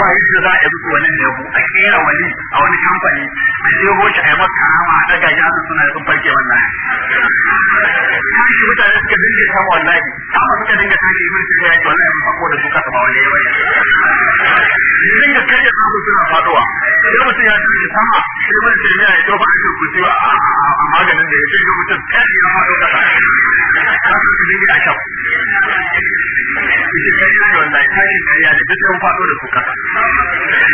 ba yadda za a yi wani lebu a kera wani a wani kamfani a jeho shi a yi masa karama a daga ya su suna sun farke wallahi kashi mutane suka dinga ta wallahi amma suka dinga tashi ibn suka yaki wallahi mun fako da su kasa ba wallahi wai dinga kaje su suna faduwa sai mutum ya tashi sama sai mun ce ya yi shi ku ji a maganin da ya ce mutum kai ya faɗo kasa kasu dinga a cikin kai ne wallahi tashin kariya da duk dukkan faɗo da kuka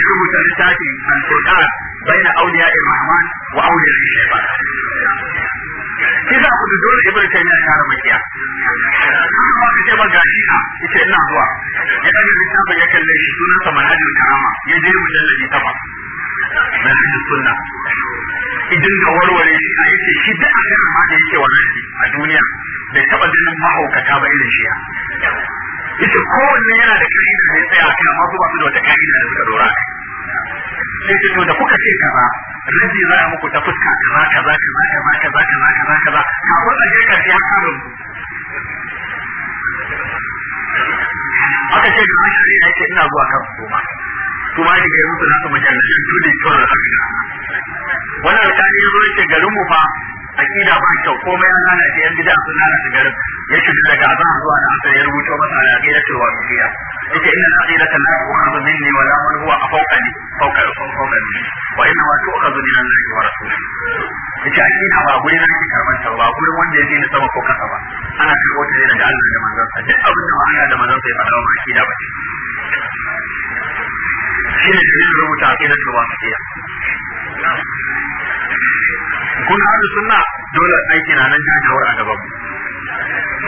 rubuta littafin al-Qur'an baina awliya ar-Rahman wa shi ba. shaytan za ku dole ibn taymiya ya rama kiya kuma kace ba gashi na yace ina zuwa ya dani littafin ya kalle shi sunan sa manhajul karama ya je mujalladi ta ba manhajul sunna idan ga warware shi a yake shi da akan ma da yake wallahi a duniya bai taɓa ganin mahaukata ba irin shi ya yace kowanne yana da ka'ida da ya tsaya kan masu su ba su da wata ka'ida da suka dora sai ce to da kuka ce kaza rabi za a muku ta fuska kaza kaza kaza kaza kaza kaza kaza kaza kafin a je karshe har kare ku aka ce ga shi ne yake ina zuwa kan kuma kuma ne ga eh, musu nasu majalisi to da to wannan da ne zo yake garin mu fa akida ba kyau komai an lalace yan gida sun lalace garin ya shi daga azan zuwa da aka ya rubuto masa ga yace wa biya yake inna akida kan la yu'khadhu minni wa la huwa fawqa ni fawqa fawqa ni wa inna ma tu'khadhu min Allah wa rasulihi yake akida ba gurin da kike karban ta ba gurin wanda yake ne sama ko kasa ba ana karbo ta ne daga Allah da manzon sa duk abin da Allah da manzon sa ya faɗa wa akida ba shi ne da rubuta a kidan tuba tafiya kun haɗu suna dole aiki na nan jajawar a gaban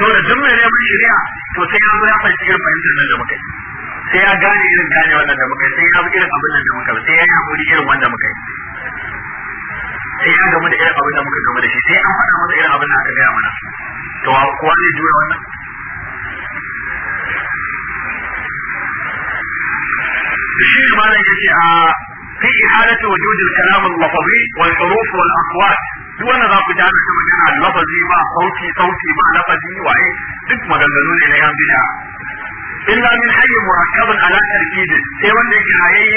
dole duk mai neman shirya, to sai ya zo ya fahimci irin fahimtar nan da muka yi sai ya gane irin gane wannan da muka yi sai ya bi irin abin nan da muka yi sai ya yi hakuri irin wanda muka yi sai ya gamu da irin abin da muka gamu da shi sai an faɗa masa irin abin da aka gaya mana to kuwa zai jure wannan الشيء قال يجي آه في إحالة وجود الكلام اللفظي والحروف والأصوات دو أنا ذاك جانا كمجانا اللفظي ما صوتي صوتي ما لفظي وعي دك مدلنون إلي أم بيها إلا من حي مركب على تركيز سيوان إيه لك هايي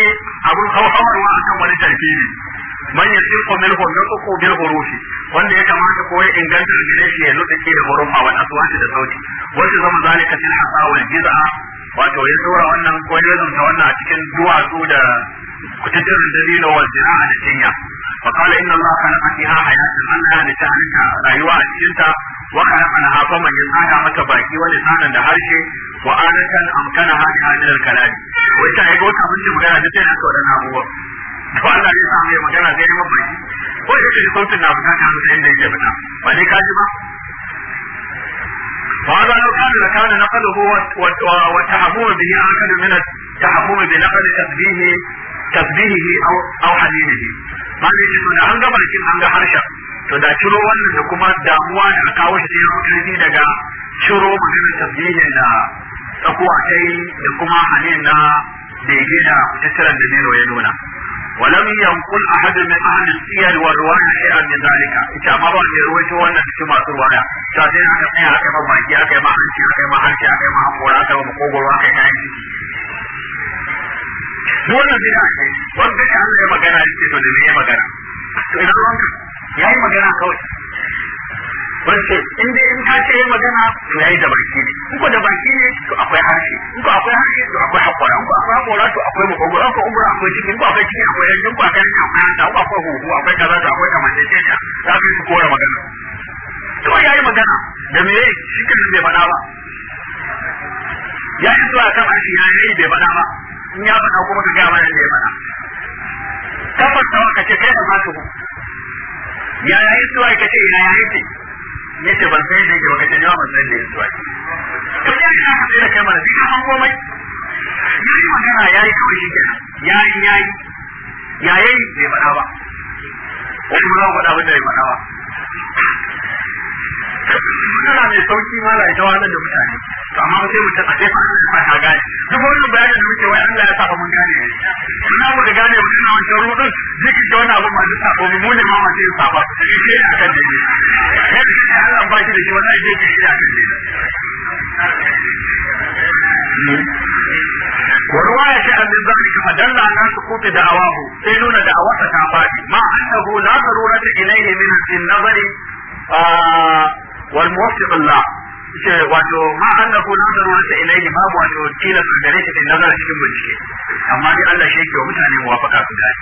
أبو الخوخور وعنكم ولي تركيز man milho minhu nutqu bil rufi, wanda ya kamata ko ya inganta da shi ya nutqi da hurufa wa aswati da sauti wanda zama zalika fil hasawil jiz'a wato ya tsora wannan ko ya zanta wannan a cikin duwatsu da kutattun dalilo wa zira'a da cinya فقال ان الله خلق فيها حياه من كان تعنيها rayuwa a cikinta وخلق لها فما يزعها mata baki wani sanan da harshe wa anatan amkana ha ta min al-kalam wai ta ga wata magana da to Allah ya samu ya magana sai dai mafarki ko ya ce sautin na bukata sai inda ya fita ba dai ka ji ba وهذا لو كان لكان نقله وتحمم به أكد من التحمم بنقل تسبيه تسبيهه أو أو حليله ما ليش من أنجا بلكن أنجا harshen. to da ciro wannan da kuma damuwa da aka kawo shi ya daga ciro maganar tasbihin na tsakuwa ta da kuma halin na bege da tattaran da nero ya nuna ولم ينقل احد من اهل السير والروايه شيئا من ذلك ita ma ba ne ruwaito wannan cikin masu ruwaya ta sai aka tsaya aka ba baki aka ma hanci aka ma hanci aka ma hakora aka ma kogoro aka yi kayan ciki wannan bid'a ce wanda ya Allah ya magana yake to da ya magana magana bace in dai in ka ce magana to yayi da baki ne in ko da baki ne to akwai harshe in ko akwai harshe to akwai hakora in ko akwai hakora to akwai makogoro in ko umura akwai cikin ko akwai cikin akwai yanjin ko akwai yanjin akwai hanta ko akwai huhu akwai kaza to akwai kamantacciya za su yi kora magana to yayi magana da me shi kan bai faɗa ba ya yi zuwa kan harshe ya yi bai faɗa ba in ya faɗa kuma ka ga mana da ya faɗa tabbata ka ce kai da masu ya yi zuwa ka ce ya yi yace ban san yadda yake ba kace yawa ban san yadda yake ba to ya ka sai da kai mana duk an komai yayi magana yayi kawai shi kenan yayi yayi yayi bai bada ba wani ba wani abin da bai bada ba suna mai sauki ma da ita wani da mutane to amma sai mutum a jefa ba ta gane duk wani bayanin da muke wai Allah ya saka mun gane ne ina mu da gane mutum na wancan rudin jikin da wani abu ma da sako mu ne ma masu yin saba shi ke da akan Allah ba shi da shi wannan yake shi da akan dai ورواية شيئا ذلك فدل على سقوط دعواه سينون دعوته تعبادي مع أنه لا ضرورة إليه من النظر آه والموفق الله ce wato ma Allah ko nazar wata ilaihi babu wato tilas gare shi din nazar cikin bincike amma dai Allah shi yake mutane muwafaka su gani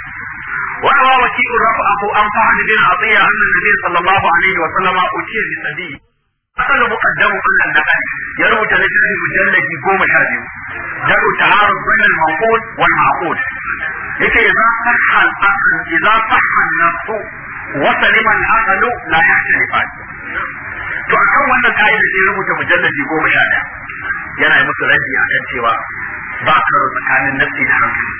wa rawa waki'u rafa'ahu an fa'ala bin atiya anna nabiy sallallahu alaihi wa sallama ukiya bi sadi asal muqaddamu annan nakal ya rubuta littafi mujalladi goma sha biyu daru ta'aruf bain al-mawqut wal ma'qut yake idza sahha al-aql idza sahha an-nafs wa salima al-aql la yahtalifa to a kan wannan ka'ida sai rubuta mujallabi goma sha ɗaya yana yi musu raji a kan cewa ba karo tsakanin nafsi da hankali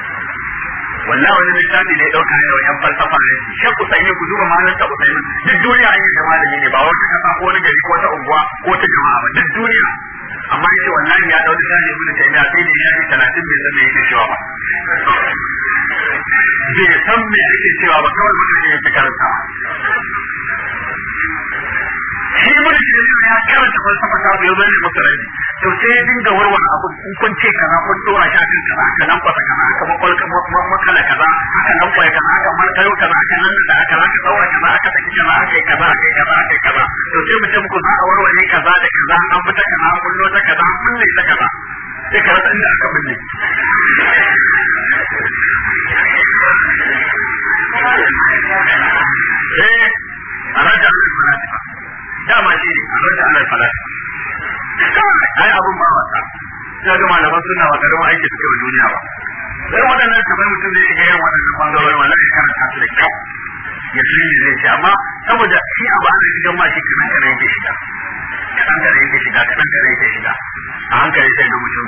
wallahi wani littafi ne ɗauka ne wa 'yan falsafa ne shan sanye ku duba ma'anar ta sanye duk duniya an yi da malami ne ba wata kasa ko wani gari ko ta unguwa ko ta jama'a ba duk duniya amma ya ce wallahi ya ɗau littafi ibn taymiya sai da ya yi talatin bai san me yake cewa ba bai san me yake cewa ba kawai mutum ne ya fi ba shi mun da ya karanta falsafa ta to sai ya dinga abu kaza dora shi kaza nan kwata kaza makwal makala kaza nan kwaya kaza markayo kaza nan da aka kaza kaza yi kaza yi kaza yi kaza to sai za a warware kaza da kaza an fita kaza an kullo ta kaza an kulle ta kaza sai ka rasa inda aka binne eh dama shi ne a rajin alal falata ai abun ba wasa sai ga malaman suna wa garin aiki suke wa duniya ba sai waɗannan kamar mutum zai iya yin waɗannan bangarorin wallahi kana su da kyau ya shi ne zai ce amma saboda shi ba an shigan ma shi kanan kanan yake shiga kanan kanan yake shiga kanan kanan yake shiga a hankali sai ga mutum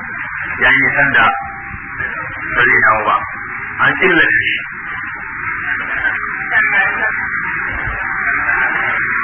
ya yi sanda ba zai dawo ba an illata shi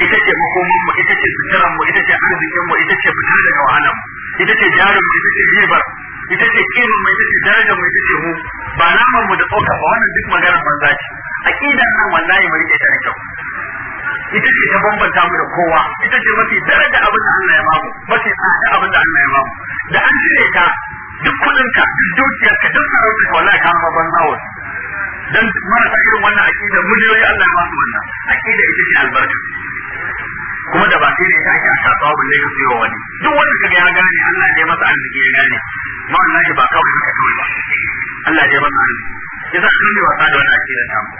ita ce makomin mu ita ce fitaran mu ita ce arzikin mu ita ce fitar daga wahala mu ita ce jarum ita ce ribar ita ce kin mu ita ce darajar mu ita ce mu ba naman mu da tsoka ba wannan duk magana banza ce aqidan nan wallahi mu rike ta da kyau ita ce ta bambanta mu da kowa ita ce mafi daraja abin da Allah ya ba mu mafi tsada abin da Allah ya mu da an cire ta duk kullun ka duk ka duk sarauta ka wallahi ka ma banza wasu dan ta irin wannan aqida miliyoyi Allah ya basu wannan aqida ita ce albarka kuma da ba sai ne ya ake a kasuwa balle ka wa wani duk wanda kaga ya gane Allah ya masa arziki ya gane ma wallahi ba kawai haka kawai ba Allah ya masa arziki yasa shi yi wasa da wani da namu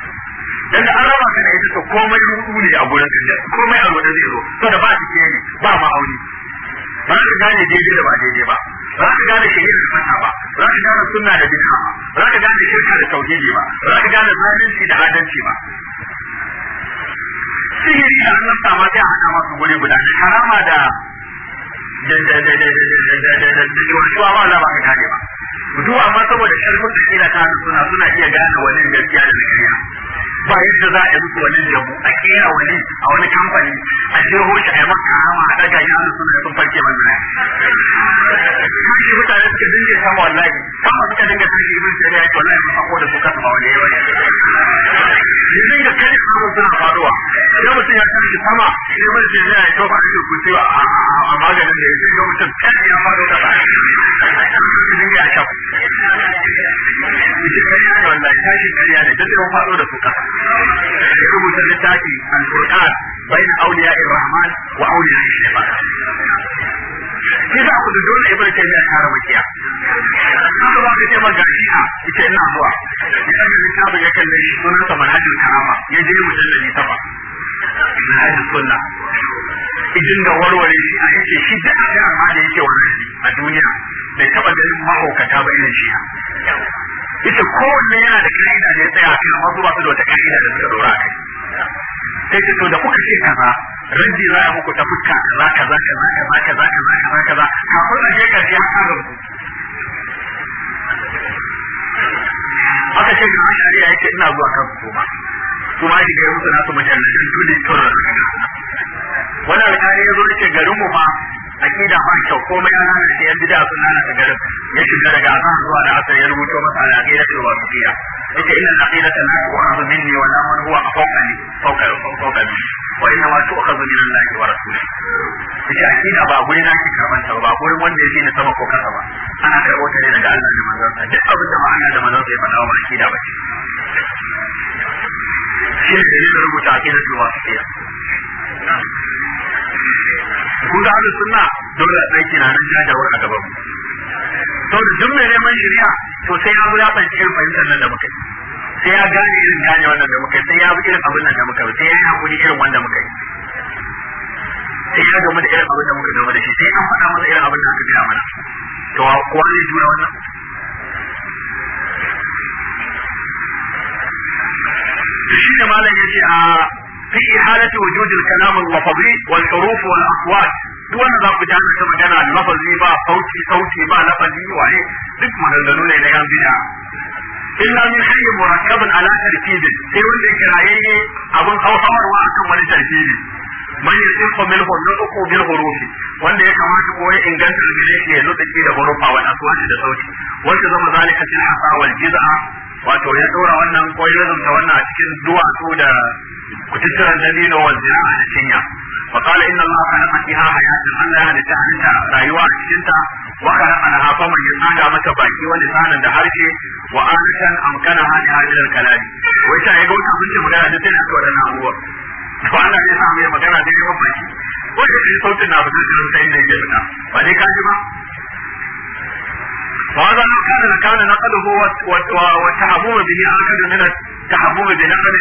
dan da an raba ka da ita to komai rudu ne a gurin kan komai a rudu zai zo to da ba shi ne ba auni. ba ka gane daidai da ba daidai ba ba ka gane shari'a da fata ba ba ka gane sunna da bid'a ba ba ka gane shirka da tauhidi ba ba ka gane zalunci da adalci ba sihiri da annabta ma sai a haɗa masa wuri guda karama da cewa ba za ba ka gane ba duk amma saboda sharfin da suna suna iya gane wani gaskiya da na ba yadda za a yi wani jabu a kera wani a wani kamfani a jeho shi a maka hama a daga yi an suna sun farke manzana mutane suke dinge sama wallahi sama suka dinga ya wallahi mun da su kasa ba wani yawa ne ya dinga kai sama suna faruwa idan mutum ya sama shi a maganin da ya ce mutum ya faru da ba dinga ya shafu ya ya rubuta littafi al-Qur'an bayan auliya Rahman wa auliya Shaytan shi za ku dole ibn taymiya ta rabuciya haka ba ka ce ba ga shi'a ita na zuwa ya yi littafi ya kalle shi mun sunan sa manhajul karama ya mu je mujallali saba manhajul sunna idin da warware shi a yake shi da aka amma da yake wannan a duniya bai taba ganin mahaukata ba irin shi'a ita kowanne yana da ka'ida da ya tsaya kan amma su ba su da wata ka'ida da suka dora kai sai ce to da kuka ce kaza raddi za a muku ta fuska kaza kaza kaza kaza kaza kaza kaza kaza kafin a je karshe an fara rubutu aka ce ga ashariya yake ina zuwa kan su kuma su ma shi gari musu nasu mutane da tuli turra wannan alƙali ya zo yake garin mu ma akida ba kyau komai an da shi yan bid'a sun hana ta garin ya shiga daga azan zuwa da asar ya rubuto masa al aqida ta wa fiya yace inna al aqida la tu'khadhu minni wa la man huwa fawqani fawqa fawqa wa inna ma tu'khadhu min Allah wa rasulih yace akida ba gurin na kika manta ba gurin wanda yake ne sama ko kasa ba ana karbo ta ne daga Allah da manzon sa duk abin da ma Allah da manzon sa ya faɗa wa akida ba ce shi ne da rubuta akida ta wa fiya kun ga halin sunna dole a tsaki na nan jajawar a gaban to da duk mai neman shari'a to sai ya wulaɓan irin fahimtar nan da muka yi sai ya gane irin gane wannan da muka yi sai ya bi irin abin nan da muka yi sai ya yi hakuri irin wanda muka yi sai ya gama da irin abin da muka gama da shi sai an faɗa masa irin abin da aka gina mana to kowa zai jura wannan shi ne malam ya ce a ah, في إحالة وجود الكلام اللفظي والحروف والأصوات دون ذا بجان كما كان اللفظي با صوتي صوتي با لفظي وعي duk maganganu ne na yan bida illa min hayyin murakkabin ala tarkibin sai wanda kirayayye abin hausawarwa akan wani tarkibi man yusifu min hurufi bil hurufi wanda ya kamata ko ya inganta da shi ya lutsi da hurufa wal aswati da sauti wanda zama zalika fil hasa wal jiz'a wato ya dora wannan ko ya wannan cikin duwatsu da وتتر الذين والزراع للدنيا فقال إن الله خلق فيها حياة الله لتحنتا رايوا أشكنتا وخلق لها فما يسانا متى باكي ولسانا دهارشي وآنشا أمكنها لهذه الكلام وإذا يقول كنت مدانا جدا أكبر أنا هو فأنا يسام يمكنا دي مباشي wanda shi sautin na fitar da sai da ya fita ba dai ka ji ba fa hada kana kana naqaluhu wa wa tahabbu bihi akadu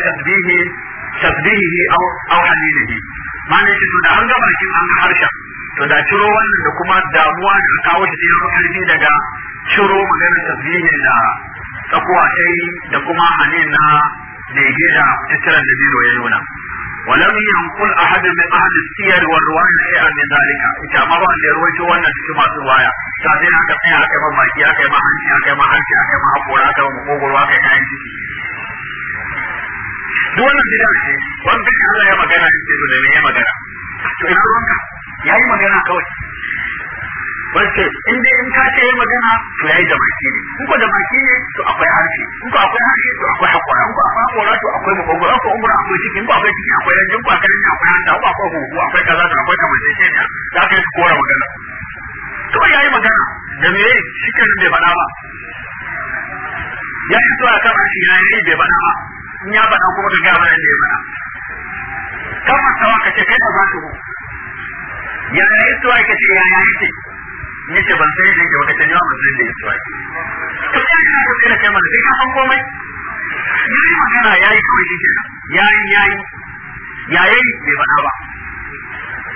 tasbihihi aw aw halilihi ma'ana shi to da an ga bakin an ga to da ciro wannan da kuma damuwa da kawo shi cikin karfi daga ciro maganar tasbihi da tsakuwa sai da kuma hanin na lege da tattaran da biro ya nuna ولم ينقل احد من اهل السير والروايه شيئا من ذلك ita ma ba da ruwaito wannan cikin masu waya ta sai aka tsaya aka ba maki aka ma hanci aka ma hanci aka ma hakora aka ma kogoro aka kayan ciki duk wannan bid'a ce wannan bid'a Allah ya magana shi ce ne ya magana to ina ruwanka yi magana kawai wace in dai in ka ce ya magana to yayi da baki ne in ko da baki ne to akwai harshe in ko akwai harshe to akwai hakora in ko akwai hakora to akwai makogoro ko umra akwai cikin ko akwai cikin akwai yanjin ko akwai akwai hanta ko akwai huhu akwai kaza to akwai Ya za ka yi kora magana to ya yi magana da me shi kan bai bada ba ya fito akan harshe yayi bai bada ba in ya faɗa kuma ka gaya mana da ya faɗa kamar tawa ka ce kai ba za ku ya ya yi tuwa ka ce ya ya yi ce ni ce ban sai da yake wata kanyar ban sai da ya tuwa to sai ka ko sai da kai mana sai ka san komai ya yi magana ya yi kawai shi ya yi ya yi ya yi bai faɗa ba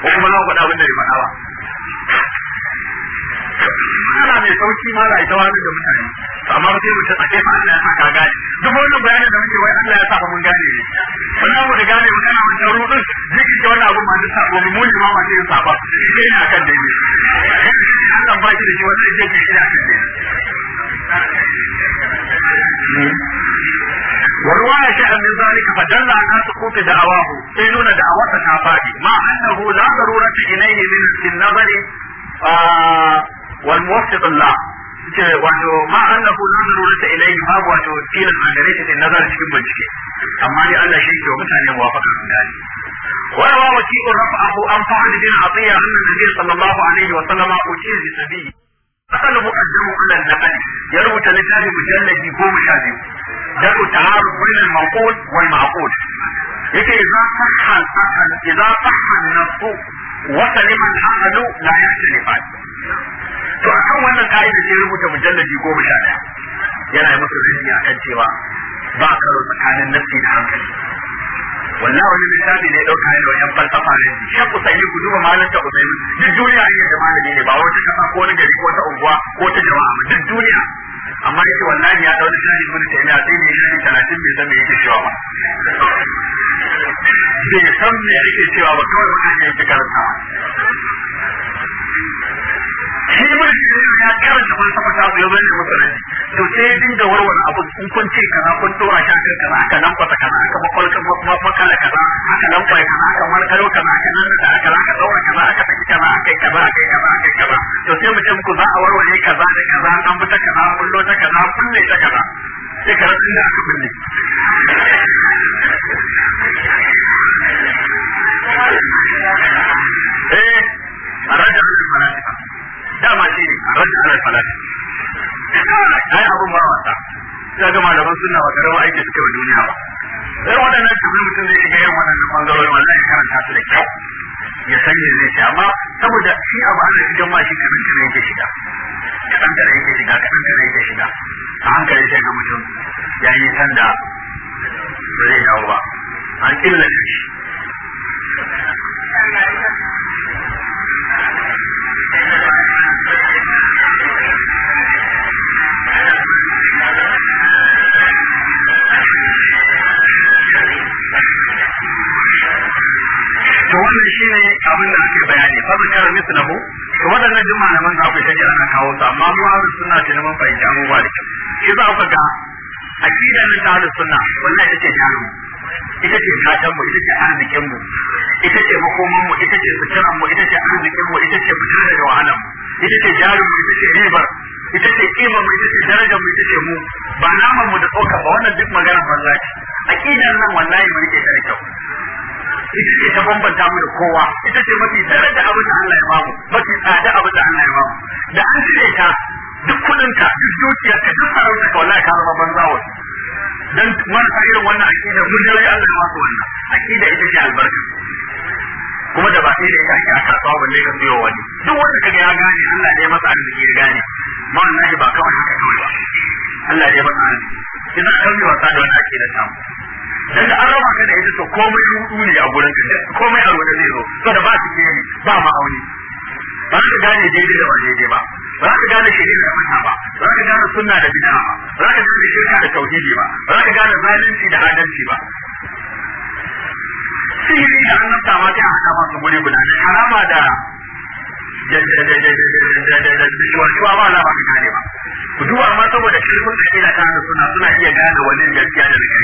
ko kuma zan faɗa abin da bai faɗa ba ana mai sauki ma da ita wani da mutane amma sai a Allah ya gane duk wannan bayanin da muke wai Allah ya mun gane mu da gane mun wannan abun ma ma wani ina kan Allah ba da shi shi kan شيئا من ذلك فدل على سقوط دعواه مع لا ضرورة من النظر آه والموفق الله ce wato ma annahu la nurata ilayhi ma wato tilan a gare shi nazar cikin bincike amma dai Allah shi ke mutane muwafaqa sun gani wa rawa wasiqu rafa'ahu an fa'ala bin atiya anna nabiy sallallahu alaihi wa sallama ujiz bi sabi asal muqaddamu ala an-naqli ya rubuta littafi mujalladi goma sha biyu dan ta'aru bayna al-maqul wal ma'qul yake idan sahha idan sahha an-nasu wa salima al-aqlu la yahtalifan to kan wannan ka'ida sai rubuta mujalladi goma sha ɗaya yana yi musu a kan cewa ba a karo tsakanin nafsi da hankali wannan wani misali ne ɗauka ne da yan falsafa ne shan sanyi ku zuba malam ta yi duk duniya ne da malami ne ba wata kafa ko wani gari ko wata unguwa ko ta jama'a duk duniya amma yake wannan ya ɗauki ɗaura ta yi a sai ne shahin talatin bai zama yake cewa ba bai san me yake cewa ba kawai mutane yake karanta shi mulki da ta to sai ya dinga warware abu in kun ce kaza kun shi akan kaza aka kaza aka kaza aka kaza aka markaro kaza aka aka aka kaza aka kaza aka yi kaza aka yi kaza aka yi kaza to sai za a warware kaza da kaza an bi ta kaza ta kaza kulle ta kaza sai ka rasu da aka kulle. Eh, dama shi ne radd ala salat ai abun ta wasa sai ga malaman sunna ba karama aiki suke wa duniya ba sai wadannan tabi mutum zai shiga irin wadannan bangarori wallahi karanta su da kyau ya san me zai amma saboda shi abu ana shigan ma shi kadan kadan yake shiga kadan kadan yake shiga kadan kadan yake shiga a hankali sai ga mutum ya yi sanda ba zai dawo ba an killace shi duk malaman za ku shari'a ana kawo sa amma mu haru suna ce neman fahimci abubuwa da kyau shi za ku ga akida na ta da suna wannan ita ce shanu ita ce gatan mu ita ce arzikin mu ita ce makoman mu ita ce suturan mu ita ce arzikin mu ita ce fitar da wahalan mu ita ce jarin mu ita ce ribar ita ce kima mu ita ce darajar mu ita ce mu ba naman mu da tsoka ba wannan duk magana wallahi akidan nan wallahi mu ita ce da kyau ita ce ta bambanta mu da kowa ita ce mafi daraja abin da Allah ya bamu mafi tsada abin da Allah ya bamu da an cire ta duk kudin ka duk dukiyar ka duk sarauta ka wallahi ka zama banza wani dan marasa irin wannan akida mun dare Allah ya basu wannan akida ita ce albarka kuma da ba sai da ita ake a kasuwa balle ka siyo wani duk wanda kaga ya gane Allah ne masa arziki ya gane ma wallahi ba kawai haka kawai ba Allah ne masa arziki kina kauye wasa da wani wannan akida samu dan da an raba ka da ita to komai rudu ne a gurin ka komai a rudu zai zo da ba su ke ba auni. ba ka gane daidai da ba daidai ba ba ka gane shirin da sunna ba ba ka gane sunna da bid'a ba ba ka gane shirka da tauhidi ba ba ka gane zalunci da adalci ba sihiri da an nafta ma sai masu gure guda ne, harama da shuwa ba na ba ka gane ba ku duba amma saboda kirkin da da kana suna suna iya gane wani gaskiya da na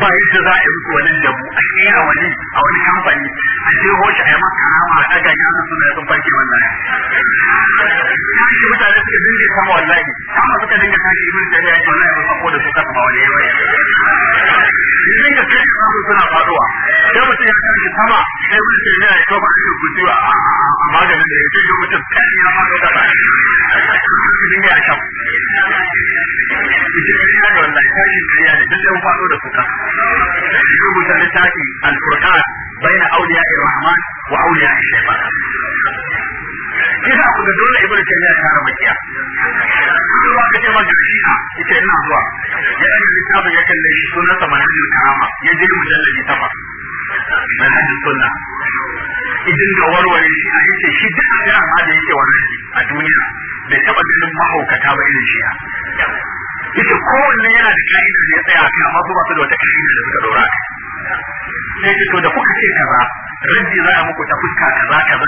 ba yadda za a yi muku wani dabu a shi a wani a wani kamfani a jeho shi a yi maka nama a daga ana suna sun farke wannan mutane suka dinga sama wallahi amma suka dinga tashi ibn tare ya ce wannan ya sako da su kasa wani yawa ya dinga kai samu suna faduwa sai mutum ya tashi sama sai ibn tare ya ce ba shi guji a maganin da ya ce shi mutum kai ya ma da ba shi dinga ya shafu ita ya ga wallahi tashi ya الرحمن واولياء الشيطان kisa ku da dole ibnu taymiya ya fara makiya kuma ka ce man shi shi'a ita ina zuwa ya yi littafi ya kalle shi sunan sa manan karama ya je mujallabi ta ba manan sunna idan ga warware shi a yake shi duk abin amma da yake wannan shi a duniya bai taba ganin mahaukata ba irin shi yace kowanne yana da ka'ida da ya tsaya a kai amma su ba su da wata ka'ida da suka dora kai sai ce da kuka ce kaza rabbi za a muku ta fuska kaza kaza kaza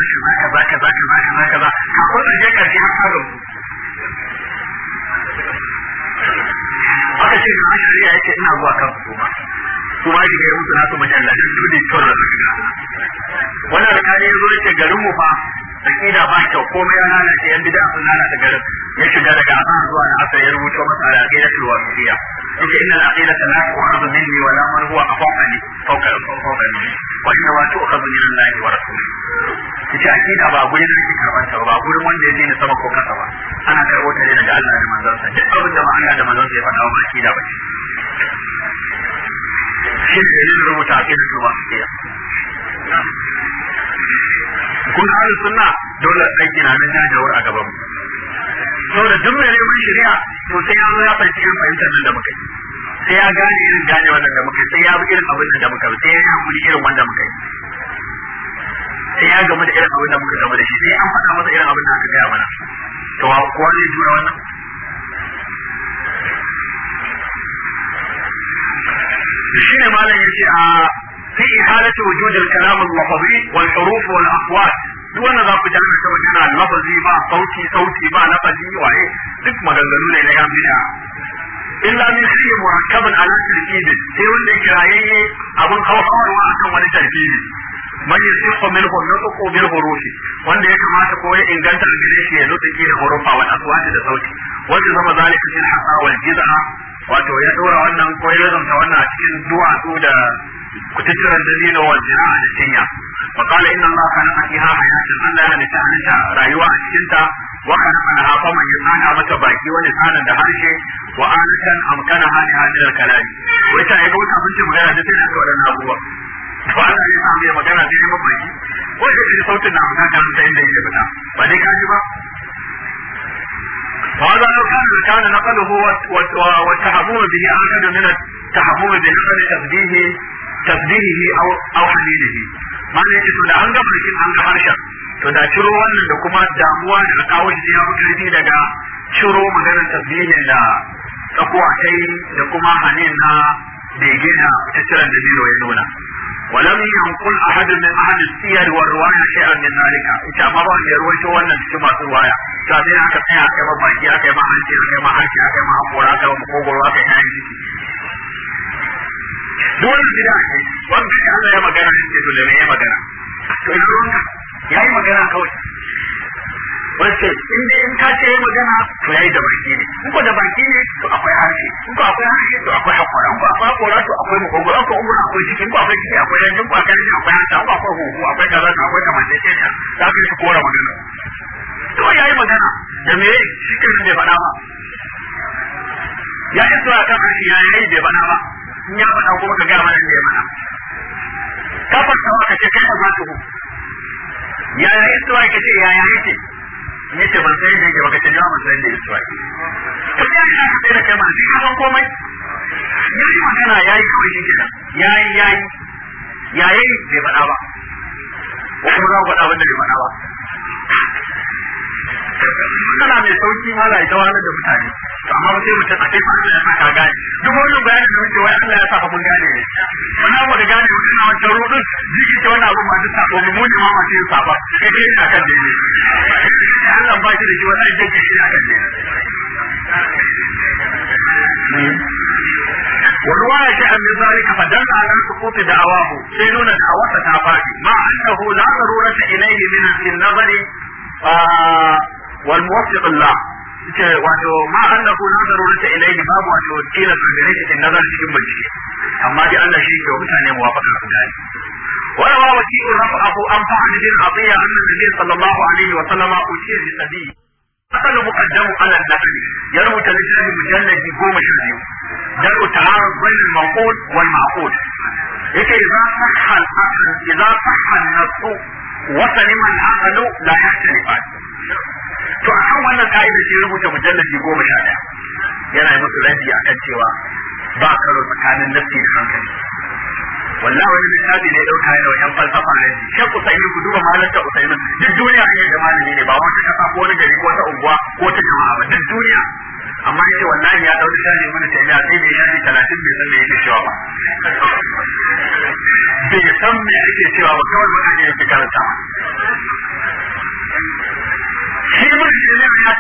kaza kaza kaza kaza kaza ko da je karshe har fara ku aka ce na shirya yake ina zuwa kan kuma kuma shi ga musu nasu majalla da su ne da tsoro wani alƙali ya zo yake garin mu fa akida ba kyau komai ya lalace yan bid'a sun lalata garin ya shiga daga azan zuwa na asar ya rubuta masa su biya yake inna al-aqila la tu'khadhu minni wa la man huwa afaqani fawqa fawqani wa inna wa tu'khadhu min Allah ba gurin da kike karban ta ba gurin wanda yake ne sama ko kasa ba ana karbo ta ne daga Allah da manzon sa duk abin da ma Allah da manzon sa ya faɗa wa aqida ba shi ne ne rubuta aqida su ba kun ahlus sunna dole aiki na nan jawar a gaban mu saboda duk mai laifin shari'a to sai ya zo ya fahimci irin fahimtar nan da muka yi sai ya gane irin gane wannan da muka yi sai ya bi irin abin da muka yi sai ya yi irin wanda muka yi sai ya gamu da irin abin da muka gamu da shi sai an faɗa masa irin abin da aka gaya mana to kowa zai jura wannan shi ne malam ya ce a في إحالة وجود الكلام اللفظي والحروف والأصوات duk wannan za ku ji ta wajen lafazi ba sauti sauti ba lafazi waye duk maganganu ne na yan bid'a illa min shi murakkaban ala tilkidin sai wanda yake rayayye abun hawa-hawa akan wani tarkibi man yasifu minhu ko bil hurufi wanda ya kamata ko ya inganta gare shi ya nutqi da hurufa wa aswati da sauti wanda zama zalika min hasa wal jiz'a wato ya dora wannan ko ya zanta wannan cikin duwatsu da kututturan dalilin wal a da cinya فقال إن الله خلق فيها حياة الله لتا أنت رأيوا أشكنت وخلق لها قوما يسعنا متى باكي ولسانا دهرشي وآنسا أمكنها لهذا الكلام وإذا يقول أبنت مغانا تتنى سؤالا أبوه فأنا يسعى لي مغانا تتنى مباكي وإذا كنت صوت النعمة كان تأين لي لبنا فلي كاجبا وهذا لو كان كان نقله والتحمم به أحد من التحمم بنقل تفديه تقديره aw aw حليله ما نيجي to da an ga farkin an ga harshen to da ciro wannan da kuma damuwa da kawo shi ya mutu daga ciro maganar tasbihin da tsakuwa da kuma na da ya nuna ولم ينقل احد من اهل السير والروايه شيئا من ذلك ita ma ba ya shi wannan cikin masu ruwaya ta sai aka tsaya aka ba baki aka ba hanci aka ba hanci aka ba hakora yi duk wani bid'a ne wanda ya Allah ya magana shi ce dole ne ya magana to ina ya yi magana kawai wace in dai in ka ce magana to yayi da baki ne in ko da baki ne to akwai harshe in ko akwai harshe to akwai hakora in ko akwai hakora to akwai makogoro in ko umma akwai ko akwai ciki akwai yanzu ko akwai akwai hanta ko akwai huhu akwai kaza akwai za ka kora magana to magana da me shi kan bai faɗa ba ya yi tsara kan ya yi bai faɗa ba in ya faɗa kuma ka gaya mana da ya mana kafar ta ka ce kai ba su yaya istuwa ka ce yaya yake ne ce ban sai da yake baka tana ban sai da istuwa to ya ka ce da kai ban sai ka komai yayi magana yayi kawai shi kidan yayi ya yi. bai faɗa ba kuma za ku faɗa wanda bai faɗa ba Kana mai sauki ma za a yi da mutane. to amma ba sai mutum a kai Allah ya saka gane duk wani bayanin da muke wai Allah ya saka mun gane ne wannan ba da gane wani na wancan rudin jiki ce wannan abun ma duk sako mu ne ma masu yin safa kai kai ina kan dai ne Allah ba shi da shi wannan jiki shi ina kan dai والرواية شيئا من ذلك فدل على سقوط دعواه سنون دعوته تافاتي مع أنه لا ضرورة إليه من النظر والموفق الله ce wato ma annahu la darurata ilayhi babu wato tilas da gare shi na zan cikin bincike amma dai Allah shi ke mutane muwafaqa su gani wa rawa waki'u rafahu an fa'ala bin atiya anna nabiy sallallahu alaihi wa sallama uciya bi sabi أقل مقدم على النقل يروي تلسان مجلد قوم شبيه دار تعارض بين المنقول والمعقول لكي إذا صح الأصل إذا صح النص وسلم العقل لا يختلفان to a kan wannan ka'idar shi rubuta mujallabi goma sha ɗaya yana yi musu rabi a kan cewa ba karo tsakanin nafsi da hankali wallahi wani misali ne dauka yana wajen yan falsafa ne shan usaini ku duba malarta usaini duk duniya ne da malami ne ba wata kasa ko wani gari ko wata unguwa ko ta jama'a ba duk duniya amma ya ce wallahi ya dauki shani mana ta ila sai bai yaji talatin bai san me yake cewa ba bai san me yake cewa ba kawai ba ne fi karanta shi mulki da ya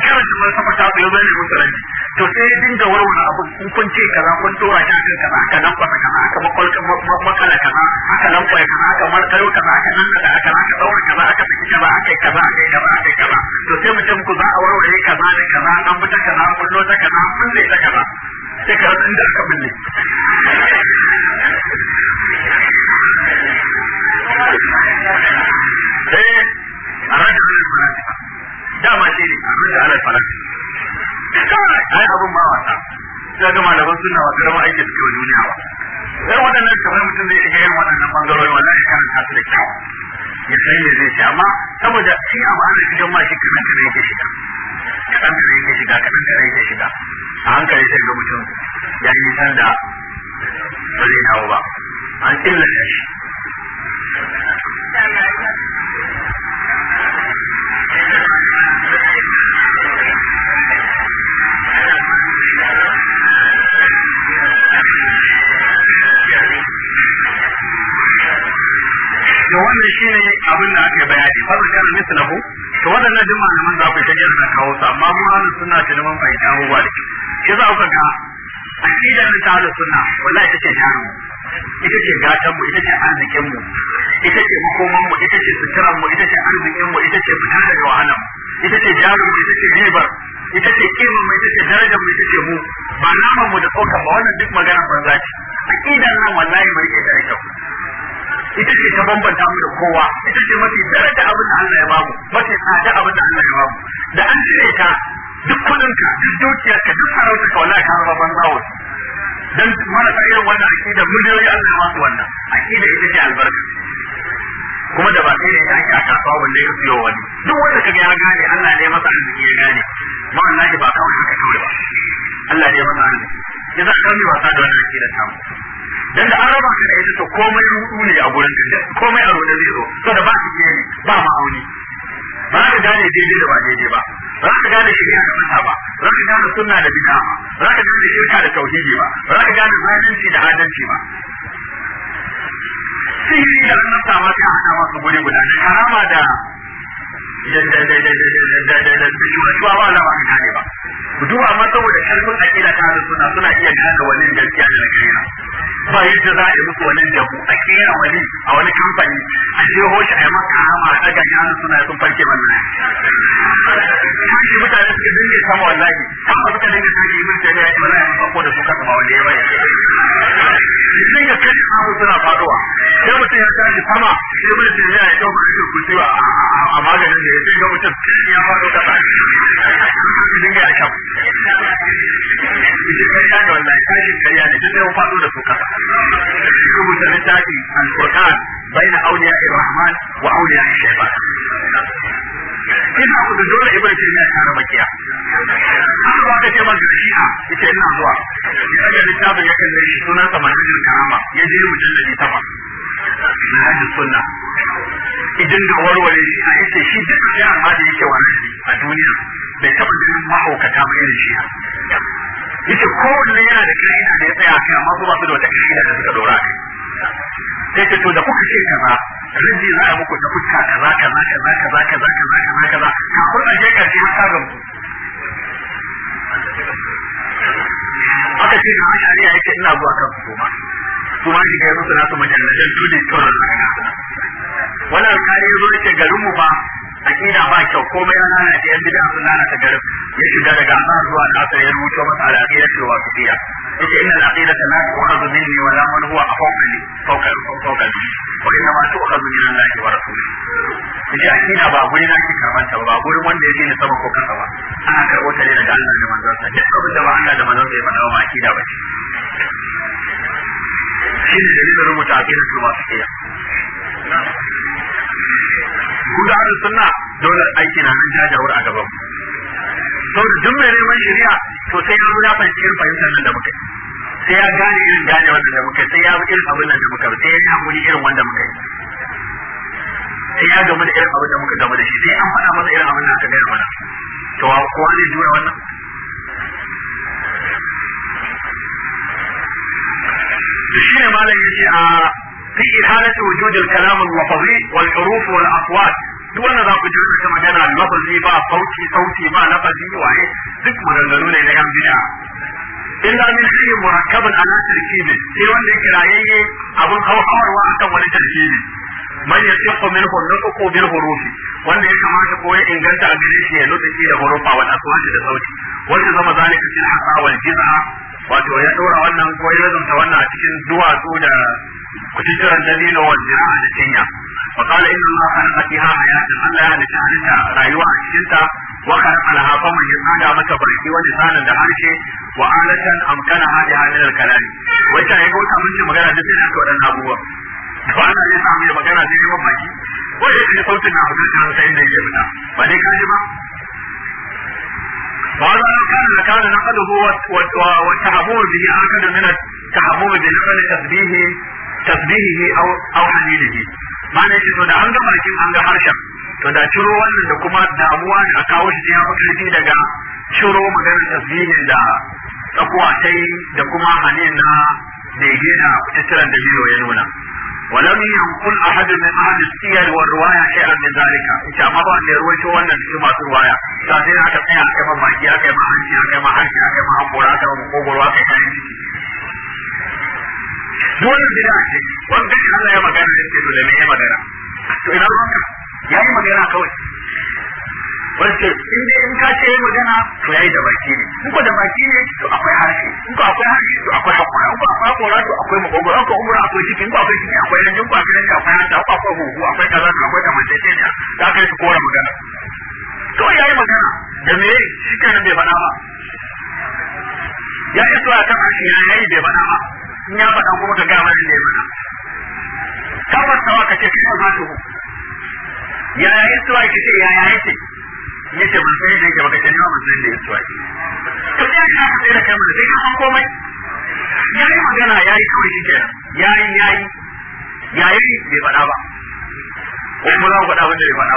karanta wani kafa ta biyo bane musu rabi to sai ya dinga warware abu kun kun ce kaza kun dora ta kan kaza aka nan ba kaza aka makolka makala kaza aka nan ba kaza aka martaro kaza aka nan kaza aka nan kaza daura kaza aka saki kaza aka yi kaza aka yi kaza aka yi kaza to sai mutum ku za a warware kaza da kaza an bi kaza an bullo ta kaza an bulle ta kaza sai ka rasa inda aka bulle eh a ranar dama shi ne abin da ana fara kawai ai abin ba wasa sai ga malaman suna wa garma aiki suke wa duniya ba sai waɗannan kamar mutum zai iya yin waɗannan bangarori wallahi karanta su da kyau ya san me zai ce amma saboda shi amana shigan ma shi kaɗan kaɗan yake shiga kaɗan kaɗan yake shiga kaɗan kaɗan yake shiga a hankali sai ga mutum ya yi san da ba zai dawo ba an killa shi to wannan ne abin da aka bayani fa da kana mislahu to wadannan duk malaman za ku ta ga na kawo su amma mu ahlus sunna da mun fa'ida mu ba dake ke za ku ga da ta ahlus sunna wallahi take jaro ita ce gatan mu ita ce arzikin mu ita ce makoman mu ita ce suturan mu ita ce arzikin mu ita ce da daga wahalan ita ce jaro ita ce ribar ita ce kima mu ita ce darajar mu ita ce mu ba naman mu da tsokan ba wannan duk magana banza ce aqidar nan wallahi mai ke da kyau ita ce ta bambanta mu da kowa ita ce mafi daraja abin da Allah ya bamu mafi tsada abin da Allah ya bamu da an cire ka duk kudin ka duk dukiyar ka duk sarauta ka wallahi ka raba banza wasu dan marasa irin wannan akida miliyoyi Allah ya masu wannan akida ita ce albarka kuma da ba sai ne ya a kasuwa wanda ya siyo wani duk wanda kaga ya gane Allah ne masa arziki ya gane ba wallahi ba kawai haka kawai ba Allah ne masa arziki yasa kawai wasa da wannan ta samu dan da an raba ka da ita to komai rudu ne a gurin dinda komai a rudu zai zo da ba su ne ba auni. ba ka gane daidai da ba daidai ba ba ka gane shi da mata ba ba ka gane sunna da bid'a ba ba ka gane shirka da tauhidi ba ba ka gane zalunci da adalci ba sihiri da Allah ta hada maka guri guda karama da shuwa ba za ka gane ba duk amma saboda karfin akida ta suna suna iya gane wani gaskiya da kaina ba yadda za a yi muku wani jabu a wani a wani kamfani a jeho hoshi a yi maka hama a yana suna sun farke mutane sama wallahi yi mun wani da ya bai suna sai mutum ya tashi sama sai mun tafiya ya da ya ga mutum ya da ba da su rubuta littafi al بين baina الرحمن ar الشيطان wa ina ku dole dole ibnu taymiya ta rabakiya an ba ka ce ma da shi'a yace ina zuwa ya ga littafin ya kalle shi sunan sa manhajul karama ya je mujalladi ta ba manhajul sunna idan da warware shi a yake shi da shi'a ma da yake wani a duniya bai taba ganin mahaukata ba irin shi'a yace kowanne yana da kiri da ya tsaya kai amma su su da wata da suka dora kai sai ce to da kuka ce kaza rizki za a muku ta fuska kaza kaza kaza kaza kaza kaza kaza kaza za ka je ka za ka gamsu aka ce da hanyar ya yake ina zuwa kan Kuma ma shi ga musu nasu majallajen tudin tsoron wannan alƙali zo ya garin mu ba akida ba kyau komai na hana ta yadda da nana ta garin ya shiga daga amma zuwa da aka ya rubuta masa al'aqida ce wa kufiya yace ta al'aqida la tu'khadhu minni wa la man huwa fawqa li fawqa fawqa li wa inna ma tu'khadhu min Allah wa rasulih yake akida ba gurin ake karban ta ba gurin wanda yake ne sama ko kansa ba ana karbo ta ne daga Allah da manzon sa duk abin da ba Allah da manzon sa ya faɗa ma akida ba ce shi ne dalilin rubuta aqidatul wasitiyya ku da hannun sunna dole aiki na nan jajawar a gaban to duk mai neman shari'a to sai ya ya fahimci irin fahimtar nan da muke. sai ya gane irin gane wanda da muke sai ya bi irin abin nan da muka sai ya yi irin wanda muka yi sai ya gama da irin abin da muka gama da shi sai an faɗa masa irin abin da aka gaya mana to kowa ne jure wannan shi ne malam ya a ah, fi ihalati wujud al-kalam al-lafzi wal huruf wal aswat duk za ku ji ta magana lafazi ba sauti sauti ba lafazi waye duk maganganu ne na yan bid'a illa min shi murakkabun ala tarkibi sai wanda yake rayayye abun hawhawarwa akan wani tarkibi man yasiqu minhu nutqu bil hurufi wanda ya kamata ko ya inganta a gare shi ya nutqi da hurufa wal aswati da sauti wanda zama zalika fil hasa wal jiz'a wato ya dora wannan ko ya zanta wannan cikin duwatsu da وشجر الذليل والذراع للدنيا وقال إن الله خلق فيها حياة الله لتعلتها رأيوها أشكنتا وخلق لها قوم يسعد عمك بركي ولسانا دعانشي وآلة أمكنها لها من الكلام وإذا يقول أمنش مغانا جسنا كورا نابوة فأنا ليس عمي مغانا جسنا مباكي ويقول صوت أن أعوذ سيدنا يجبنا فليك أجبا وهذا كان كان نقده وتعبوه به أكد من التعبوه بنقل تسبيه tasbihihi aw aw halidihi ما نجي to da an ga bakin an ga harshen to da ciro wannan da kuma damuwa a kawo shi ya fi daga ciro maganar tasbihin da tsakuwa ta yi da kuma na da ya nuna ولم ينقل احد من اهل السير والروايه شيئا من ذلك ان شاء الله ان يرويته وانا في ما روايه ساعتين aka tsaya aka ma maki aka ma hanci aka ma hanci aka ma hakora aka ma duk wannan bid'a ce wanda Allah ya magana da ce da me ya magana to ina ruwanka ya yi magana kawai wacce in dai in ka ce magana to yayi da baki ne in ko da baki ne to akwai harshe in ko akwai harshe to akwai hakora in ko akwai hakora to akwai makogoro in ko umra akwai cikin ko akwai cikin akwai yanjin ko akwai yanjin akwai hanta ko akwai huhu akwai kaza ko akwai kamanceceniya da aka yi su kora magana to yayi magana da me shi kenan bai faɗa ba ya iso akan harshe yayi bai faɗa ba in ya faɗa kuma ka gama da ya faɗa tabbas tawa ka ce kai ma tuhu ya ya yi suwa ki ce ya ya yake ya ce ban sai da yake baka ce ni ma ban sai da ya suwa ki to sai ka ka kai mu sai ka san komai ya yi magana ya yi kawai shi ya yi ya yi ya yi bai faɗa ba ko kuma za ku faɗa wanda bai faɗa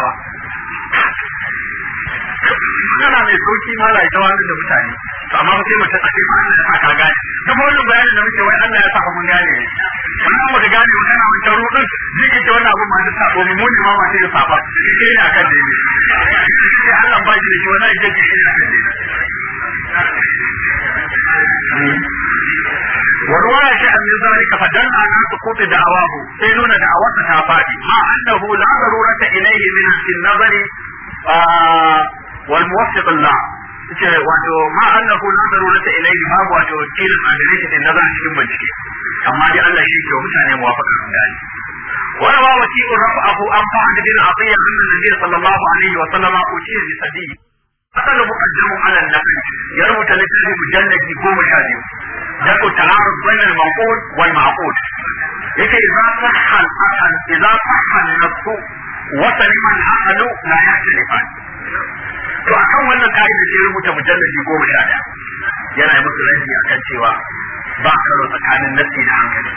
ba magana mai sauki ma la wani da mutane to amma ba sai mutum a ce ba ka gane duk wannan bayanin da muke wai Allah ya sa mun gane ne wannan muka gane wannan abin ta rudin zai kace wannan abin ma da sabo mu ne ma ma sai ya saba sai ina kan dai sai Allah ba shi da shi wannan yake shi ina kan dai ورواية شيئا من ذلك فدل على سقوط دعواه سينون دعوته فادي مع أنه لا ضرورة إليه من النظر آه والموفق الله ce wato ma annahu nazaru laka ilayhi ma wato tilin a gare shi din nazar cikin bincike amma dai Allah shi ke mutane muwafaka sun gane wa rawa wasiqu rafa'ahu an fa'ala bin atiya min annabi sallallahu alaihi wa sallam uciya bi sadi asal muqaddamu ala an-nafi ya rubuta littafi mujalladi goma sha biyu da ku ta'aruf bayna al-manqul wal ma'qul yake idza sahha al-aqal idza sahha an-nafs wa salima al-aqlu la yakhlifan to a kan wannan ka'ida sai rubuta mujalladi goma sha daya yana yi musu a kan cewa ba karo tsakanin nassi da hankali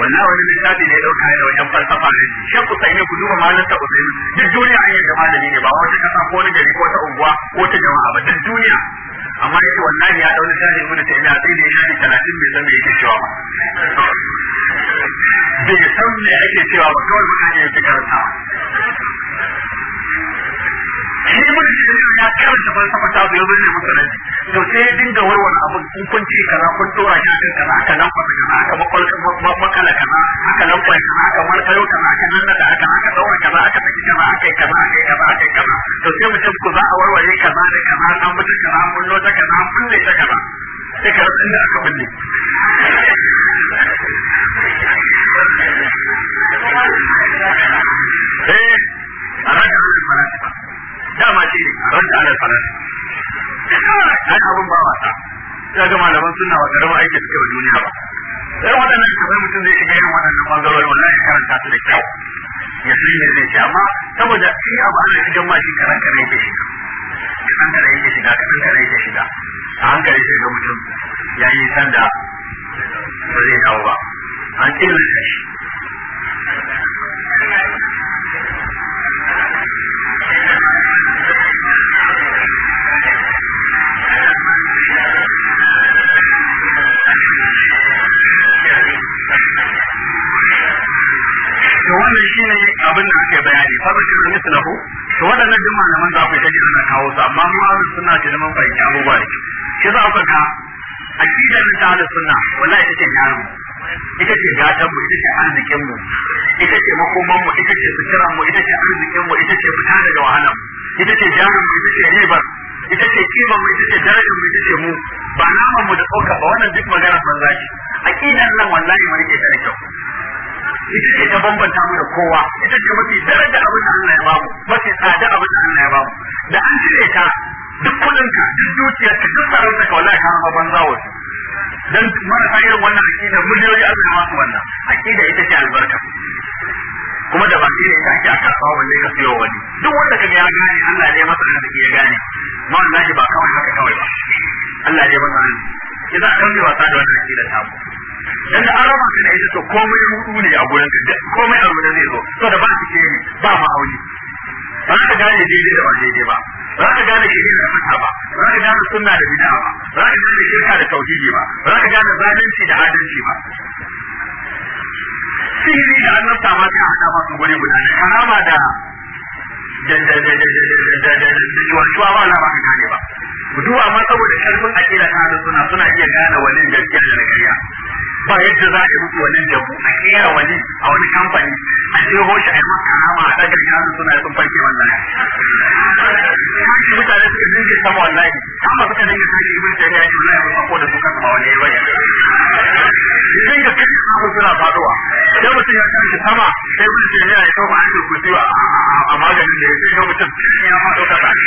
wannan wani misali ne dauka da wajen falsafa ne shan ne ku duba malam ta usaini duk duniya an yi gaba da ne ba wata kasa ko wani gari ko wata unguwa ko ta jama'a ba duk duniya amma ce wannan ya dauki shahin mun ta ina sai da ya shi talatin mai san ya yake cewa ba bai san me ake cewa ba kawai mutane ya fi karanta shi mun da ya karanta ta ne muka to sai dinga warware abu kun kun dora shi aka nan fa aka aka nan fa aka aka nan da aka aka dora aka aka aka aka to sai mutum ku za a warware kaza da ta sai ka aka eh dama shi ne ranta alal falal dan abun ba wasa sai ga malaman sunna wa karama aiki suke wa duniya ba sai waɗannan kamar mutum zai shiga irin waɗannan bangarori wallahi karanta su da kyau ya san me zai ce amma saboda shi abu ana shigan ma shi karan karan yake shiga karan karan yake shiga ka san karan yake shiga a hankali sai ga mutum ya yi sanda ba zai dawo ba an killa shi to wannan shi ne abin da ake bayani fara shi ne suna ko to waɗannan duk malaman za ku ta gina na kawo su amma mu ahlus sunna ce mun fahimci abubuwa da shi za ku ga aqidar ta ahlus suna wallahi take gyaran mu ita ce gatan mu ita ce arzikin mu ita ce makoman mu ita ce suturan mu ita ce arzikin mu ita ce fita daga wahala mu ita ce jarin mu ita ce ribar ita ce kima mu ita ce darajar mu ita ce mu ba nama mu da tsoka ba wannan duk magana banza ce aqidan nan wallahi mun ke tare da kyau ita ce ta bambanta mu da kowa ita ce mafi daraja abin da Allah ya bamu mafi tsada abin da Allah ya bamu da an cire ta duk ka duk dukiyarka duk tsaron ka wallahi ka banza wasu dan marasa irin wannan aqida miliyoyi Allah ya masu wannan aqida ita ce albarka kuma da baki ne ita ake a kasuwa wanda ya siyo wani duk wanda kaga ya gane Allah ya masa arziki ya gane ma wallahi ba kawai haka kawai ba Allah ya masa arziki idan an dauke wasa da wannan aqida ta mu dan da an ka da ita to komai rudu ne a gurin ka komai a rudu zai zo to da ba cike ne ba auni. ba ka gane daidai da ba daidai ba za ka gane shiri da sunna ba za ka gane sunna da bid'a ba za ka gane shirka da tauhidi ba za ka gane zalunci da adalci ba sihiri da annabta ma sai hada masu gure guda karama da cuwa ba na ba baka gane ba duk ma saboda karfin akida ta suna suna iya gane wani gaskiya da ƙarya ba yadda za a yi mutu wannan a kera wani a wani kamfani a jeho shi a yi maka nama a tsakar yaran suna sun farke wallahi mutane suka dinga sama wallahi amma suka dinga tashi ibn tayyib ya ce wallahi ba sako da suka yi wallahi ya yi suna faduwa sai mutum ya tashi sama sai ibn tayyib ya ce a maganin da sai ga mutum ya faɗo ya kan shi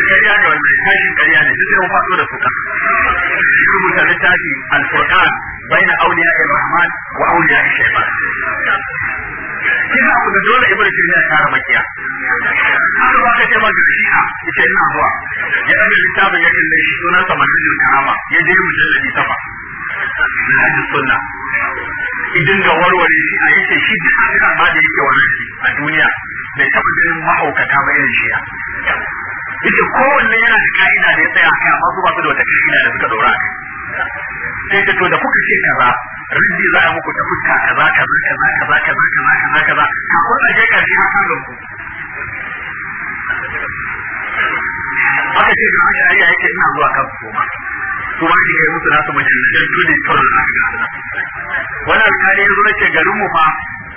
kariya ne kariya ne duk faɗo da suka rubuta littafi al-Qur'an baina awliya ar-Rahman wa awliya ash-shaytan kina ku da dole ibnu kirmi ya kara makiya har ba ka ce ma shi. shi'a ina zuwa ya dan littafin yake da shi sunan sa manzilul karama ya je mujalladi safa lillahi sunna idan ga warware shi a yace shi duk abin amma da yake wannan shi a duniya bai taba ganin mahaukata ba irin shi'a yace kowanne yana da ka'ida sai ka to da kuka ce kaza rinji za a muku ta fuska kaza kaza kaza kaza kaza kaza kaza kaza ka kuma je karshe ma ka ku aka ce da aka yi yake ina zuwa kan koma to ba shi musu nasu majallisar na wannan garin mu fa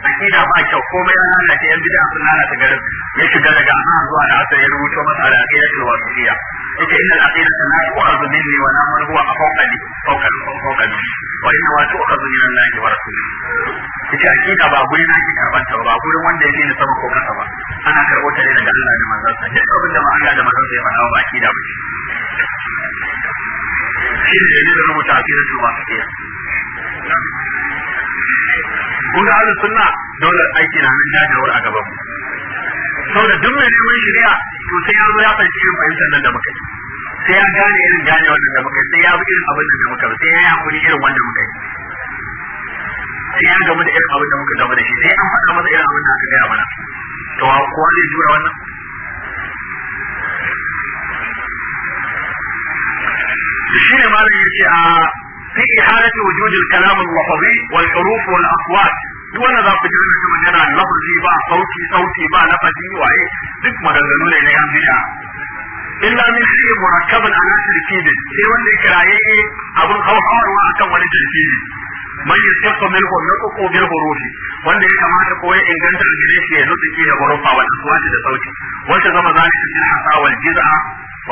akida kyau komai an lalace yan bid'a sun lalata garin ya shiga daga an zuwa da rubuto masa da yake inna al-aqidata la tu'khadhu minni wa la man huwa fawqa li fawqa fawqa li wa inna ma tu'khadhu min Allah wa rasulih yake aqida ba gurin ake karban ta ba gurin wanda yake ne sama ko kasa ba ana karbo ta ne daga Allah da manzon sa duk abin da ma Allah da manzon sa ya faɗa ba aqida ba shi ne ne da rubuta aqidatul wasitiyya kun ga ahlus sunna dole aiki na nan jajawar a gaban mu saboda duk mai neman shari'a to sai ya zo ya tsanci irin fahimtar nan da muka yi sai ya gane irin gane wannan da muka yi sai ya bi irin abin da muka yi sai ya yi hakuri irin wanda muka yi sai ya gamu da irin abin da muka gamu da shi sai an faɗa masa irin abin da aka gaya mana to kowa zai jura wannan shi ne malam yace a في إحالة وجود الكلام اللفظي والحروف والأصوات duk wanda za ku ji mutum yana lafazi ba sauki sauti ba lafazi waye duk maganganu ne na yan bid'a illa min shi murakkabun ala tilkidin sai wanda ya kiraye abun hauhawarwa akan wani tilkidi man yusaqqa minhu yutqu bil hurufi wanda ya kamata ko ya inganta gare shi ya nutsuki da hurufa wa aswati da sauti wanda zama shi fil hasa wal jiz'a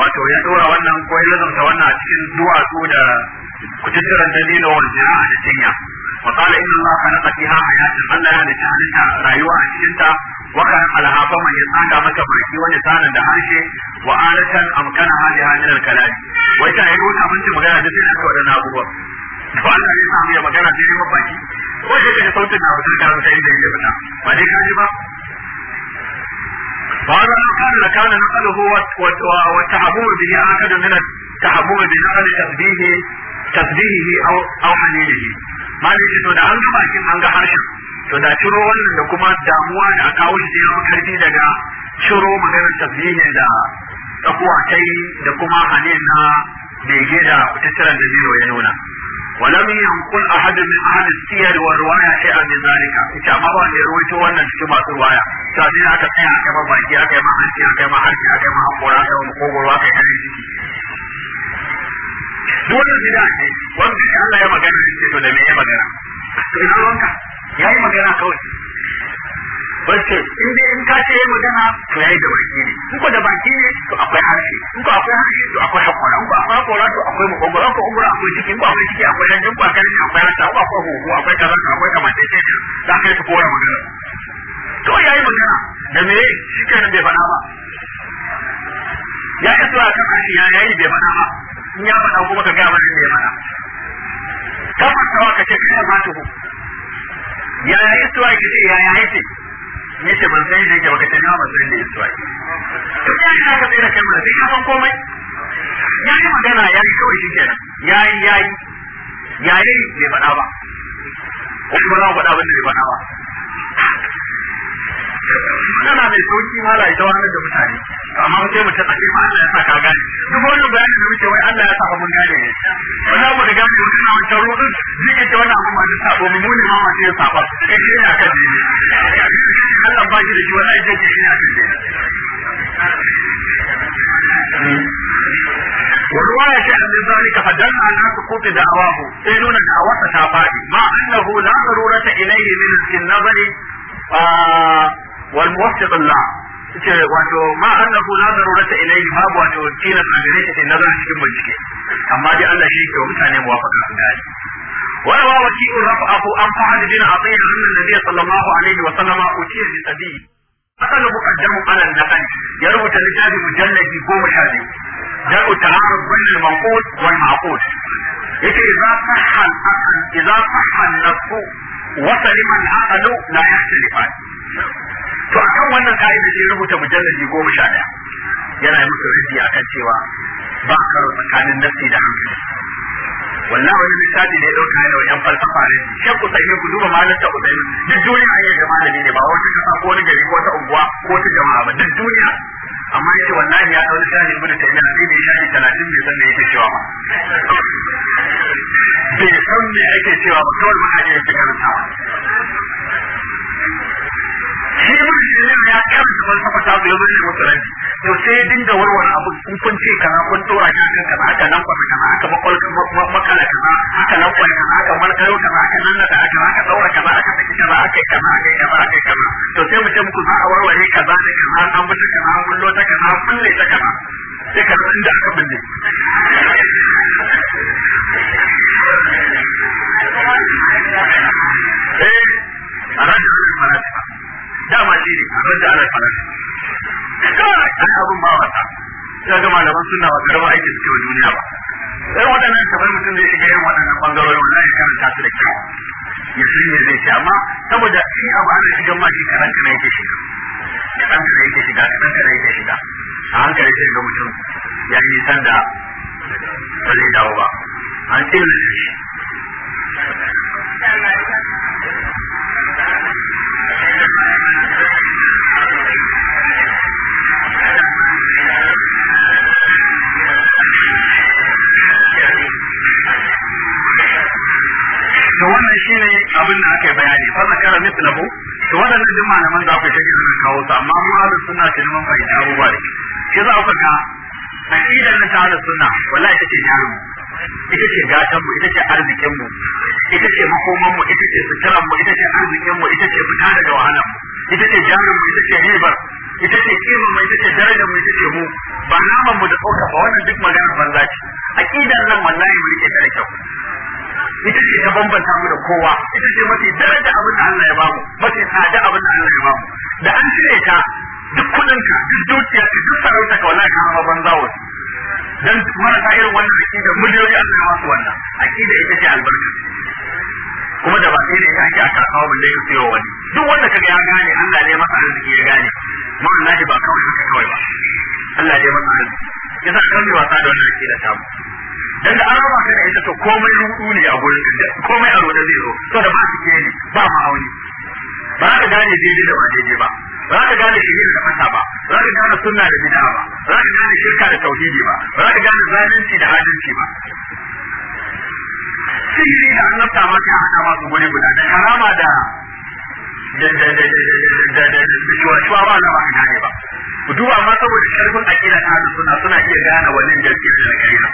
wato ya dora wannan ko ya lazanta wannan a cikin duwatsu da kututturan dalilin wal jira'a da cinya وقال إن الله خلق فيها حياة الله يعني رأيوة رأيوا وكان على هذا من يسانا مكة بركي ويسانا دهانشي وآلة أمكانها لها من الكلام وإذا يقول أمنت مجانا جسد أكبر نابوة فأنا أريد أن يكون مجانا وإذا كان صوت النابوة سيدا يبنى فليك أجبا وهذا لو لكان نقله والتعبور به أكد من التعبور بنقل تسبيه أو أو malaki to da an ga bakin an ga harshen to da ciro wannan da kuma damuwa da a kawo shi yawan karfi daga ciro maganar tafiye da takuwa ta da kuma hane na bege da tattara da zero ya nuna ولم ينقل أحد من أهل السير والرواية شيئا من ذلك إن شاء الله أن يرويته وأن تشبه الرواية تابعين أكا كما بايكي أكا ما حركي أكا ما حركي ومقوم الواقع duk wannan bid'a ce wanda shi Allah ya magana shi ce to da me ya magana to ina wanka yayi magana kawai bace in dai in ka ce magana to yayi da baki ne in ko da baki ne to akwai harshe in ko akwai to akwai hakora in ko akwai hakora to akwai makogoro ko umra akwai cikin ko akwai ciki akwai yanjin ko akwai akwai rasa akwai akwai kaza akwai kamata ce da kai ta kowa magana to magana da me shi kenan bai faɗa ba ya isa kan harshe ya yi bai faɗa ba in ya faɗa kuma ka gaya masa da ya faɗa kafar tawa ka ce kai ma tuhu ya ya istuwa ki ce ya ya yake ne ce ban san yake baka ce na ban san da istuwa to ya ya ka tsira kai sai ya san komai ya yi magana ya yi kawai shikenan ya yi ya yi ya yi bai faɗa ba wani ba za mu faɗa abin bai faɗa ba magana mai sauki mala ita wani da mutane to amma ba sai mutum a ce ma Allah ya sa ka gane duk wani bayani da muke wai Allah ya sa mun gane ne wanda mu da gane wannan wancan ruɗin zai kace wannan abu ma da sabo mu ne ma masu yin sabo kai shi ne akan dini Allah ba shi da shi wallahi jin shi ne akan dini والرواية شيئا من ذلك فدل على سقوط دعواه إننا دعوة تابعي مع أنه لا ضرورة إليه من النظر والموسط الله ce wato ma annahu la darurata ilayhi babu wato tilan a gare shi nazarin cikin bincike amma dai Allah shi ke mutane muwafaqa an gani wa rawa waki'u rafa'ahu an fa'ala bin atiyya anna nabiyyi sallallahu alaihi wa sallama utiya bi tabi'i akala muqaddamu ala an ya rubuta littafi mujalladi goma sha biyu جاء تعارض بين المنقول والمعقول يجي إذا صح الأقل إذا صح النص وسلم العقل لا يختلفان to a kan wannan ka'ida sai rubuta mujalladi goma sha ɗaya yana yi musu rufi a kan cewa ba a karo tsakanin nafsi da hankali wannan wani misali ne ɗauka da wajen falsafa ne shan sai ku duba ta kusaini duk duniya ya yi da malami ne ba wata kasa ko wani gari ko wata unguwa ko wata jama'a ba duk duniya amma ya ce wallahi ya ɗauri shahin gudu ta yana ne shahin talatin ne san yi yake cewa ba bai san me ake cewa ba kawai a yi yake karantawa shi ibn ya ta to sai ya dinga warware abu kun kana kun shi aka nan kwa aka makol makala aka nan kwa aka markaro aka nan da aka aka daura aka saki aka yi aka yi aka yi to sai za a warware kaza da kaza an mutu an ta an ta sai ka aka eh dama shi ne abin da ana fara kawai an abin ma wata ya ga malaman suna wa karama aiki suke wa duniya ba sai waɗannan kamar mutum zai shiga irin waɗannan ɓangarorin wallahi karanta su da kyau ya shi ne zai ce amma saboda shi abu ana shigan ma shi karan kana yake shiga karan kana yake shiga karan kana yake shiga a hankali sai ga mutum ya yi nisan da ba zai dawo ba an tsere shi to wannan shine abin da aka yi bayani fa zakara mislahu to wadannan duk malaman za ku ta irin kawo su amma mu ahlus sunna ce mun fahimci abubuwa ne, shi za ku ga aqidan na ta ahlus sunna wallahi take jarumu ita ce gatan mu ita ce arzikin mu ita ce makoman mu ita ce suturan mu ita ce arzikin mu ita ce fita daga wahalan mu ita ce jarin mu ita ce ribar ita ce kimin mu ita ce darajar mu ita ce mu ba naman mu da tsoka ba wannan duk maganar banza ce aqidar nan wallahi mu rike ta da kyau ita ce ta bambanta mu da kowa ita ce mafi daraja abin da Allah ya bamu mafi tsada abin da Allah ya bamu da an cire ta duk kudin ka duk dukiya duk sarauta ka wallahi ka banza wasu dan marasa irin wannan da da miliyoyi an kama su wannan akida ita ce albarka kuma da ba sai ne ake aka kawo da ya sayo wani duk wanda kaga ya gane Allah ne masa arziki ya gane ma'ana shi ba kawai haka kawai ba Allah ne masa arziki yasa kan yi wasa da wannan aqida ta mu dan da araba ka da ita to komai rudu ne a gurin da komai a roda zai zo to da ba su ke ne ba auni ba ka gane daidai da ba daidai ba za ka gane shirin da mata ba za ka gane sunna da bid'a ba za ka gane shirka da tauhidi ba za ka gane zalunci da adalci ba sihiri da annabta ma sai aka masu guri guda da karama da shuwa ba na ba gane ba duba amma saboda karfin akida ta suna suna iya gane wannan jirgin da kariya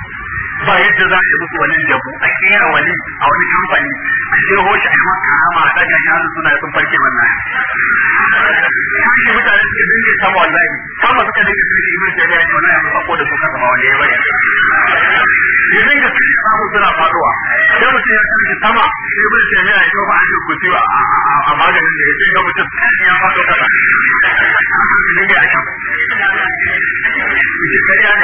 ba yadda za yi musu wani jabu a kera wani a wani kamfani a cikin hoshi a yi maka hama a daga shi hannun suna sun farke wannan shi mutane suka dinga sama wallahi kama suka ne wannan ya ko da su kasa ma wanda ya ya dinga suna sai mutum ya sama ya yi ba a shi a maganin da ya ce ga mutum ya faɗo kasa ya ne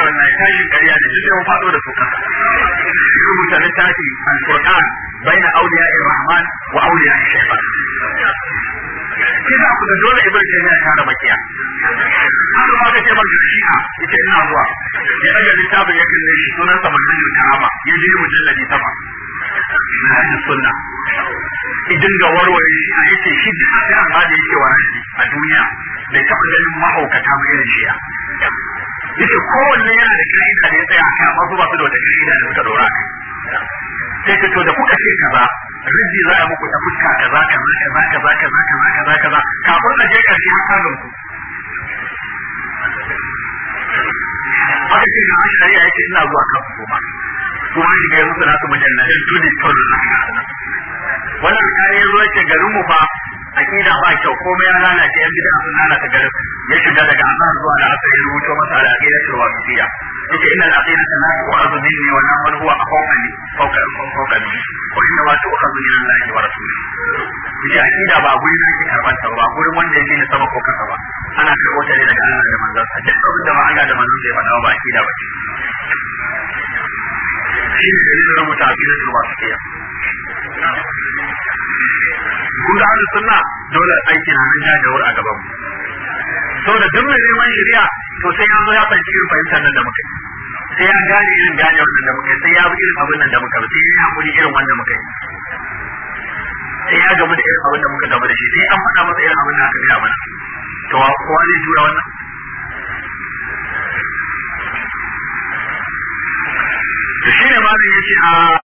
wannan ya faɗo da su rubuta littafi al-Qur'an baina awliya ar-Rahman wa awliya shaytan kina ku da dole ibn kenya ta da makiya an ba kace ce man a ita ina zuwa ya daga littafin ya kalle shi sunan sa manzilul karama ya mu jalla ji sama na sunna idan ga warware shi a yake shi da aka amma da yake wa a duniya da ta ganin mahaukata ba irin yake kowanne yana da ka'ida da ya tsaya a masu su ba su da wata ka'ida da suka dora sai ka to da kuka ce kaza rizki za a muku ta fuska kaza kaza kaza kaza kaza kaza kaza kaza kafin na je karshe har ka gamsu haka ce na shari'a yake ina zuwa kafin kuma kuma shi ga na nasu mujannatin tudin tolin wannan kare ruwa ce garin mu fa aqida ba kyau komai ya lalace yan bid'a sun lalata garin ya shiga daga azhar zuwa da aka yi rubuto masa da akida shi wa biya yake inna al-aqida sanatu wa azu minni wa man huwa aqwa li fawqa fawqa li wa inna wa tu'khadhu min Allahi wa rasulihi ya aqida ba gurin da yake karban ta ba gurin wanda yake ne sama ko kasa ba ana karbo ta ne daga Allah da manzon sa duk abin da ma Allah da manzon sa ya faɗa ba aqida ba ce shi ne dalilin ba akidatul wasitiyya kun da ahlus sunna dole aiki na nan jajawar a gaban mu da duk mai neman shari'a to sai ya zo ya fahimci irin fahimtar nan da muka yi sai ya gane irin gane wannan da muka yi sai ya bi irin abin nan da muka yi sai ya hakuri irin wannan muka yi sai ya gamu da irin abin da muka gamu da shi sai an faɗa masa irin abin da aka gaya mana to kowa zai jura wannan to shi ne malin ya ce a ah,